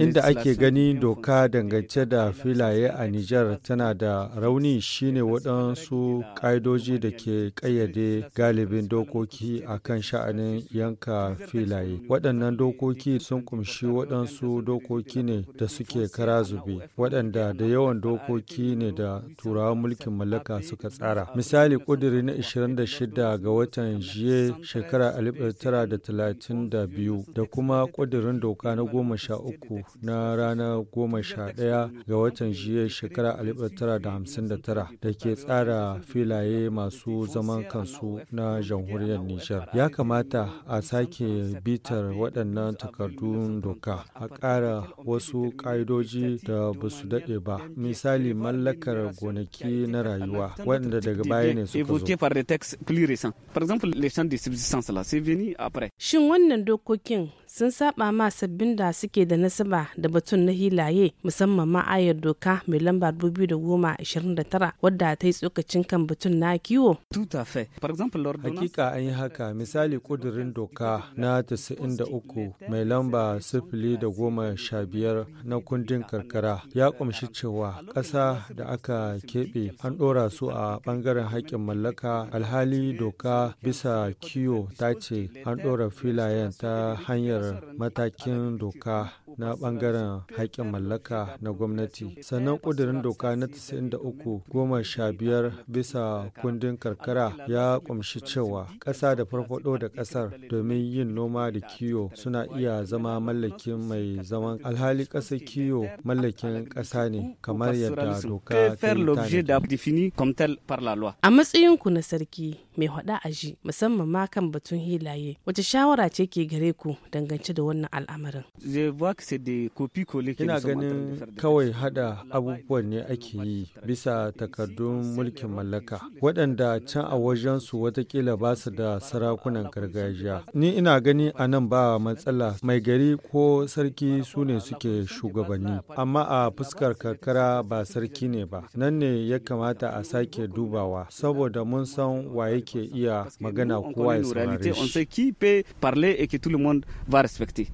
Inda ake gani doka dangance da filaye a Nijar tana da rauni shine waɗansu ƙa'idoji da ke ƙayyade galibin dokoki a kan sha'anin yanka filaye. Waɗannan dokoki sun kumshi waɗansu dokoki ne da suke kara zube, waɗanda da yawan dokoki ne da turawan mulkin mallaka suka tsara. Misali ƙudiri na 26 ga watan Jiye shekara 1932 da kuma kudurin doka na goma sha uku na ranar goma sha ɗaya ga watan jiya shekara alif tara da hamsin da tara da ke tsara filaye masu zaman kansu na jamhuriyar Nijar. Ya kamata a sake bitar waɗannan takardun doka a ƙara wasu ƙa'idoji da ba su daɗe ba. Misali mallakar gonaki na rayuwa waɗanda daga baya ne suka zo. Shin wannan dokokin sun saba ma sabbin da suke da nasaba da batun na hilaye musamman ma ayar doka mai lamba 2029 wadda ta yi tsokacin kan batun na kiwo. Hakika an yi haka misali kudurin doka na 93 mai lamba 015 na kundin karkara ya kumshi cewa ƙasa da aka keɓe an ɗora su a ɓangaren haƙƙin mallaka alhali doka bisa kiwo ta ce an ɗora filayen ta hanyar matakin doka na bangaren haƙƙin mallaka na gwamnati sannan ƙudurin doka na 93 goma sha biyar bisa kundin karkara ya ƙumshi cewa ƙasa da farfaɗo da ƙasar domin yin noma da kiyo suna iya zama mallakin mai zaman alhali ƙasa kiyo mallakin ƙasa ne kamar yadda doka a matsayin ku na sarki mai hada aji musamman ma kan batun hilaye wace shawara ce ke gare ku dangance da wannan al'amarin Ina ganin kawai hada abubuwan ne ake yi bisa takardun mulkin mallaka waɗanda can a wajen wajensu watakila ba su da sarakunan gargajiya. Ni ina gani a nan ba matsala mai gari ko sarki su ne suke shugabanni amma a fuskar karkara ba sarki ne ba nan ne ya kamata a sake dubawa saboda mun san wa yake iya magana kowa ya da shi.